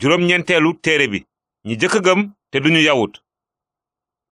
juróom ñeenteelu téere bi ñi jëkk gëm te duñu yawut